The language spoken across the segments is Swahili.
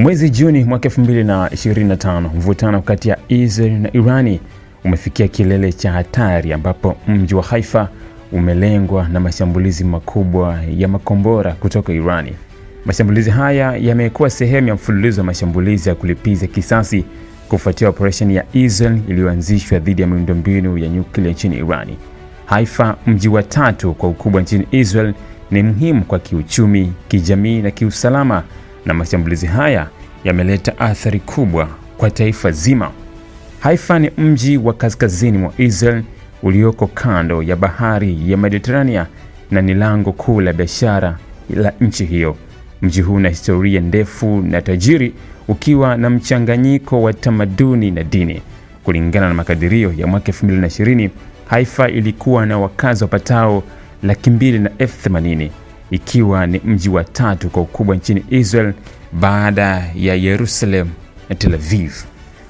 Mwezi Juni mwaka 2025, mvutano kati ya Israel na Irani umefikia kilele cha hatari ambapo mji wa Haifa umelengwa na mashambulizi makubwa ya makombora kutoka Irani. Mashambulizi haya yamekuwa sehemu ya mfululizo wa mashambulizi ya kulipiza kisasi kufuatia operesheni ya Israel iliyoanzishwa dhidi ya miundombinu ya nyuklia nchini Irani. Haifa, mji wa tatu kwa ukubwa nchini Israel, ni muhimu kwa kiuchumi, kijamii na kiusalama, na mashambulizi haya yameleta athari kubwa kwa taifa zima. Haifa ni mji wa kaskazini mwa Israel ulioko kando ya bahari ya Mediterania na ni lango kuu la biashara la nchi hiyo. Mji huu una historia ndefu na tajiri, ukiwa na mchanganyiko wa tamaduni na dini. Kulingana na makadirio ya mwaka 2020, Haifa ilikuwa na wakazi wapatao laki mbili na elfu themanini ikiwa ni mji wa tatu kwa ukubwa nchini Israel baada ya Yerusalem na Tel Aviv.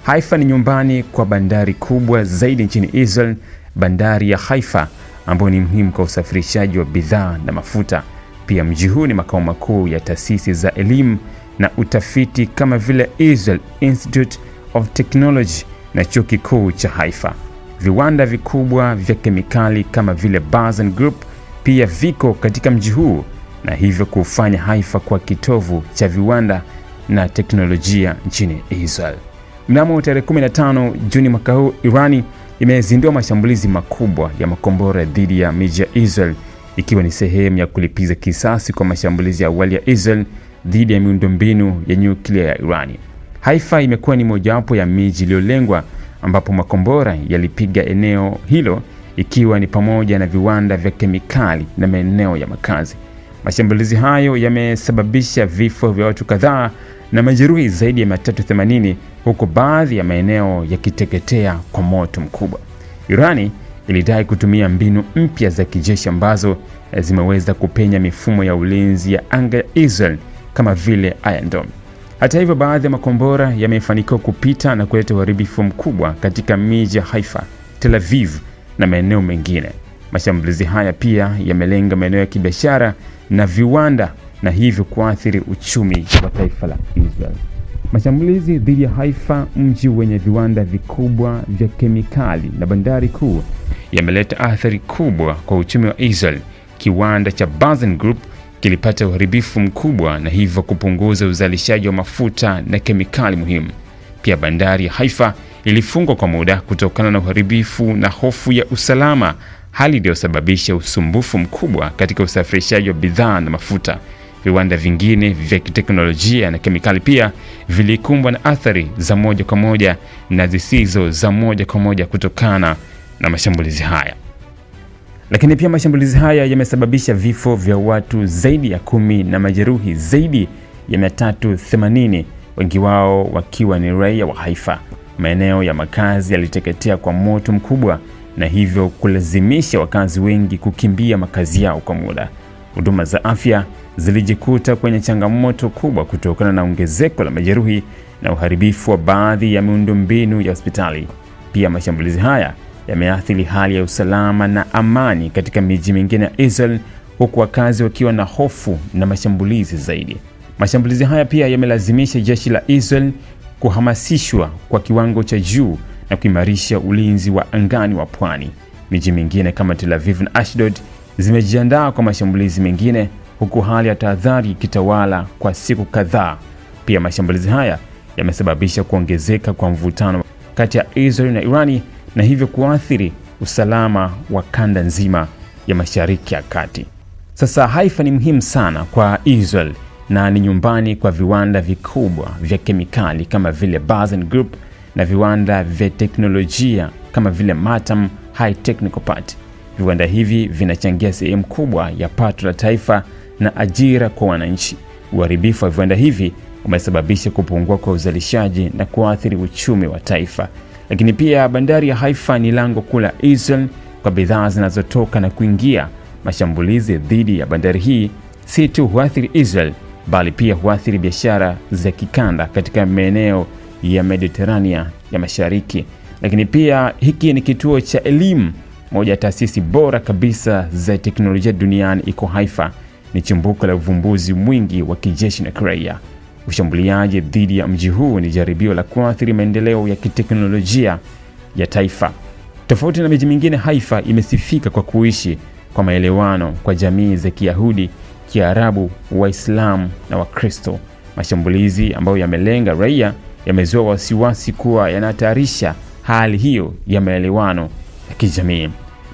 Haifa ni nyumbani kwa bandari kubwa zaidi nchini Israel, bandari ya Haifa ambayo ni muhimu kwa usafirishaji wa bidhaa na mafuta. Pia mji huu ni makao makuu ya taasisi za elimu na utafiti kama vile Israel Institute of Technology na chuo kikuu cha Haifa. Viwanda vikubwa vya kemikali kama vile Bazan Group pia viko katika mji huu na hivyo kufanya Haifa kwa kitovu cha viwanda na teknolojia nchini Israel. Mnamo tarehe 15 Juni mwaka huu, Irani imezindua mashambulizi makubwa ya makombora dhidi ya miji ya Israel ikiwa ni sehemu ya kulipiza kisasi kwa mashambulizi ya awali ya Israel dhidi ya miundombinu ya nyuklia ya Irani. Haifa imekuwa ni mojawapo ya miji iliyolengwa ambapo makombora yalipiga eneo hilo ikiwa ni pamoja na viwanda vya kemikali na maeneo ya makazi. Mashambulizi hayo yamesababisha vifo vya watu kadhaa na majeruhi zaidi ya 380 huku baadhi ya maeneo yakiteketea kwa moto mkubwa. Irani ilidai kutumia mbinu mpya za kijeshi ambazo eh, zimeweza kupenya mifumo ya ulinzi ya anga ya Israel kama vile Iron Dome. Hata hivyo, baadhi ya makombora yamefanikiwa kupita na kuleta uharibifu mkubwa katika miji ya Haifa, Tel Aviv na maeneo mengine. Mashambulizi haya pia yamelenga maeneo ya kibiashara na viwanda na hivyo kuathiri uchumi wa taifa la Israel. Mashambulizi dhidi ya Haifa, mji wenye viwanda vikubwa vya kemikali na bandari kuu, yameleta athari kubwa kwa uchumi wa Israel. Kiwanda cha Barzan Group kilipata uharibifu mkubwa na hivyo kupunguza uzalishaji wa mafuta na kemikali muhimu. Pia bandari ya Haifa ilifungwa kwa muda kutokana na uharibifu na hofu ya usalama, hali iliyosababisha usumbufu mkubwa katika usafirishaji wa bidhaa na mafuta. Viwanda vingine vya kiteknolojia na kemikali pia vilikumbwa na athari za moja kwa moja na zisizo za moja kwa moja kutokana na mashambulizi haya. Lakini pia mashambulizi haya yamesababisha vifo vya watu zaidi ya kumi na majeruhi zaidi ya 380, wengi wao wakiwa ni raia wa Haifa maeneo ya makazi yaliteketea kwa moto mkubwa na hivyo kulazimisha wakazi wengi kukimbia makazi yao kwa muda. Huduma za afya zilijikuta kwenye changamoto kubwa kutokana na ongezeko la majeruhi na uharibifu wa baadhi ya miundombinu ya hospitali. Pia mashambulizi haya yameathiri hali ya usalama na amani katika miji mingine ya Israel, huku wakazi wakiwa na hofu na mashambulizi zaidi. Mashambulizi haya pia yamelazimisha jeshi la Israel kuhamasishwa kwa kiwango cha juu na kuimarisha ulinzi wa angani wa pwani. Miji mingine kama Tel Aviv na Ashdod zimejiandaa kwa mashambulizi mengine, huku hali ya tahadhari ikitawala kwa siku kadhaa. Pia mashambulizi haya yamesababisha kuongezeka kwa mvutano kati ya Israel na Irani na hivyo kuathiri usalama wa kanda nzima ya Mashariki ya Kati. Sasa Haifa ni muhimu sana kwa Israel na ni nyumbani kwa viwanda vikubwa vya kemikali kama vile Bazen Group na viwanda vya teknolojia kama vile Matam High Technical Part. Viwanda hivi vinachangia sehemu kubwa ya pato la taifa na ajira kwa wananchi. Uharibifu wa viwanda hivi umesababisha kupungua kwa uzalishaji na kuathiri uchumi wa taifa. Lakini pia bandari ya Haifa ni lango kuu la Israel kwa bidhaa zinazotoka na kuingia. Mashambulizi dhidi ya bandari hii si tu huathiri Israel bali pia huathiri biashara za kikanda katika maeneo ya Mediterania ya Mashariki. Lakini pia hiki ni kituo cha elimu, moja ya taasisi bora kabisa za teknolojia duniani iko Haifa. Ni chimbuko la uvumbuzi mwingi wa kijeshi na kiraia. Ushambuliaji dhidi ya mji huu ni jaribio la kuathiri maendeleo ya kiteknolojia ya taifa. Tofauti na miji mingine, Haifa imesifika kwa kuishi kwa maelewano kwa jamii za Kiyahudi Kiarabu, Waislamu na Wakristo. Mashambulizi ambayo yamelenga raia yamezua wasiwasi kuwa yanahatarisha hali hiyo ya maelewano ya kijamii.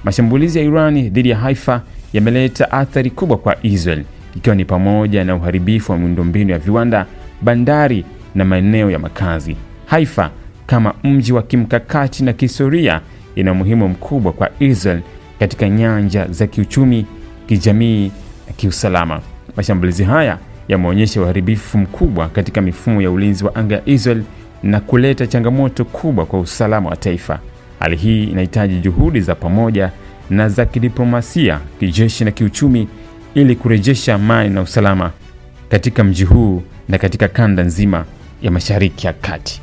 Mashambulizi ya Iran dhidi ya Haifa yameleta athari kubwa kwa Israel, ikiwa ni pamoja na uharibifu wa miundombinu ya viwanda, bandari na maeneo ya makazi. Haifa kama mji wa kimkakati na kihistoria ina umuhimu mkubwa kwa Israel katika nyanja za kiuchumi, kijamii kiusalama. Mashambulizi haya yameonyesha uharibifu mkubwa katika mifumo ya ulinzi wa anga ya Israel na kuleta changamoto kubwa kwa usalama wa taifa. Hali hii inahitaji juhudi za pamoja na za kidiplomasia, kijeshi na kiuchumi ili kurejesha amani na usalama katika mji huu na katika kanda nzima ya Mashariki ya Kati.